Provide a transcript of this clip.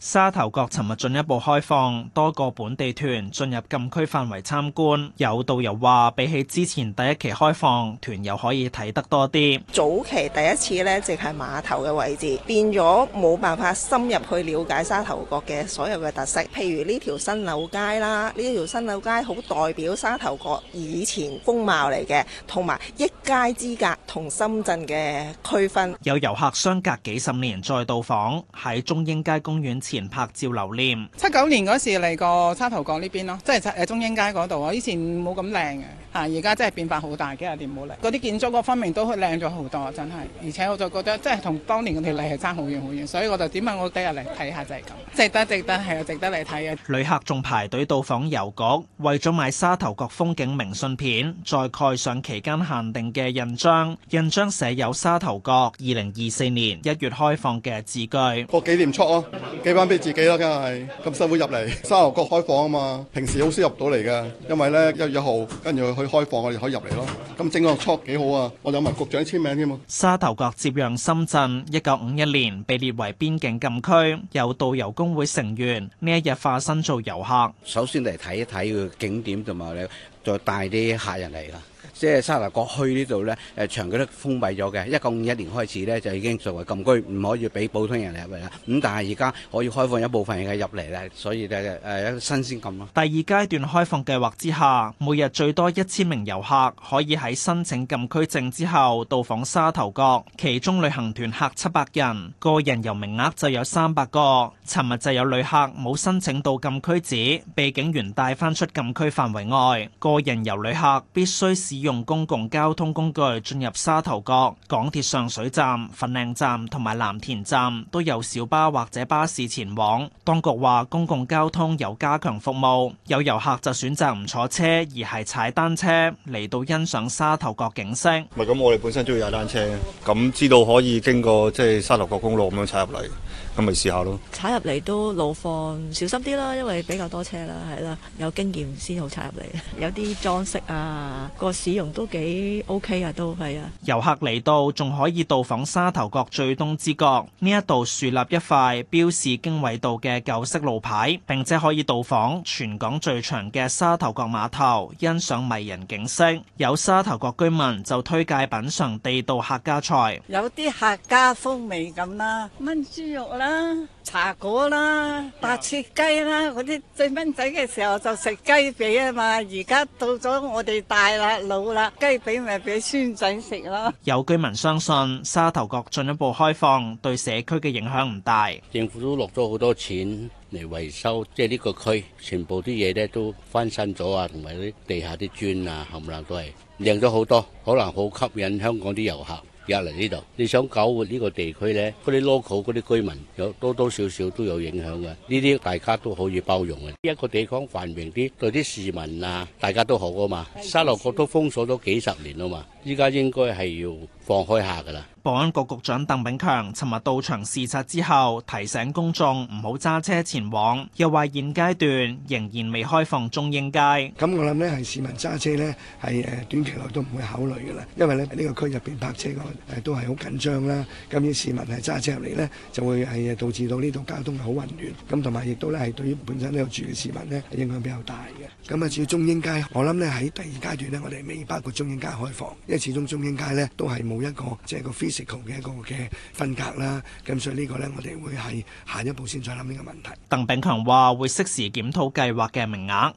沙頭角尋日進一步開放，多個本地團進入禁區範圍參觀。有導遊話，比起之前第一期開放，團又可以睇得多啲。早期第一次呢，淨係碼頭嘅位置，變咗冇辦法深入去了解沙頭角嘅所有嘅特色，譬如呢條新樓街啦，呢條新樓街好代表沙頭角以前風貌嚟嘅，同埋一街之隔同深圳嘅區分。有遊客相隔幾十年再到訪，喺中英街公園前拍照留念，七九年嗰時嚟過沙頭角呢邊咯，即係誒中英街嗰度啊，以前冇咁靚嘅。啊！而家真係變化好大，幾廿年冇嚟，嗰啲建築各方面都靚咗好多，真係。而且我就覺得，即係同當年條例係差好遠好遠，所以我就點解我第日嚟睇下就係咁，值得值得係啊，值得嚟睇啊！旅客仲排隊到訪郵局，為咗買沙頭角風景明信片，再蓋上期間限定嘅印章，印章寫有沙頭角二零二四年一月開放嘅字句，個紀念戳咯，寄翻俾自己啦，梗係咁辛苦入嚟沙頭角開放啊嘛，平時好少入到嚟嘅，因為咧一月一號跟住去去。開放我哋可以入嚟咯。咁整個 check 幾好啊，我諗埋局長簽名添喎。沙頭角接壤深圳，一九五一年被列為邊境禁區。有導遊公會成員呢一日化身做遊客，首先嚟睇一睇個景點，同埋你再帶啲客人嚟啦。即係沙頭角墟呢度咧，誒長期都封閉咗嘅。一九五一年開始咧，就已經作為禁區唔可以俾普通人入嚟啦。咁但係而家可以開放一部分嘅入嚟咧，所以誒誒一個新鮮感咯。第二階段開放計劃之下，每日最多一千名遊客可以喺申請禁區證之後到訪沙頭角，其中旅行團客七百人，個人遊名額就有三百個，尋日就有旅客冇申請到禁區紙被警員帶翻出禁區範圍外。個人遊旅客必須使用。用公共交通工具進入沙頭角，港鐵上水站、粉嶺站同埋藍田站都有小巴或者巴士前往。當局話公共交通有加強服務，有遊客就選擇唔坐車而係踩單車嚟，到欣賞沙頭角景色。咪咁我哋本身中意踩單車，咁知道可以經過即係沙頭角公路咁樣踩入嚟，咁咪試下咯。踩入嚟都路況小心啲啦，因為比較多車啦，係啦，有經驗先好踩入嚟。有啲裝飾啊，個市容都幾 OK 啊，都係啊！遊客嚟到仲可以到訪沙頭角最東之角，呢一度樹立一塊標示經緯度嘅舊式路牌，並且可以到訪全港最長嘅沙頭角碼頭，欣賞迷人景色。有沙頭角居民就推介品嚐地道客家菜，有啲客家風味咁啦，燜豬肉啦。茶果啦，白切雞啦，嗰啲細蚊仔嘅時候就食雞髀啊嘛，而家到咗我哋大啦老啦，雞髀咪俾孫仔食咯。有居民相信沙頭角進一步開放對社區嘅影響唔大。政府都落咗好多錢嚟維修，即係呢個區全部啲嘢咧都翻新咗啊，同埋啲地下啲磚啊、冚唪唥都係靚咗好多，可能好吸引香港啲遊客。入嚟呢度，你想搞活呢個地區咧，嗰啲 local 嗰啲居民有多多少少都有影響嘅。呢啲大家都可以包容嘅。一個地方繁榮啲，對啲市民啊，大家都好啊嘛。沙頭角都封鎖咗幾十年啊嘛，依家應該係要放開下噶啦！保安局局長鄧炳強尋日到場視察之後，提醒公眾唔好揸車前往，又話現階段仍然未開放中英街。咁我諗呢係市民揸車呢係誒短期內都唔會考慮噶啦，因為咧呢、呢個區入邊泊車個誒都係好緊張啦。咁啲市民係揸車入嚟，呢就會係導致到呢度交通好混亂。咁同埋亦都咧係對於本身呢度住嘅市民咧，影響比較大嘅。咁啊，至於中英街，我諗呢喺第二階段呢，我哋未包括中英街開放，因為始終中英街呢都係冇。一個即係個 physical 嘅一個嘅分隔啦，咁所以呢個咧，我哋會係下一步先再諗呢個問題。鄧炳強話會適時檢討計劃嘅名額。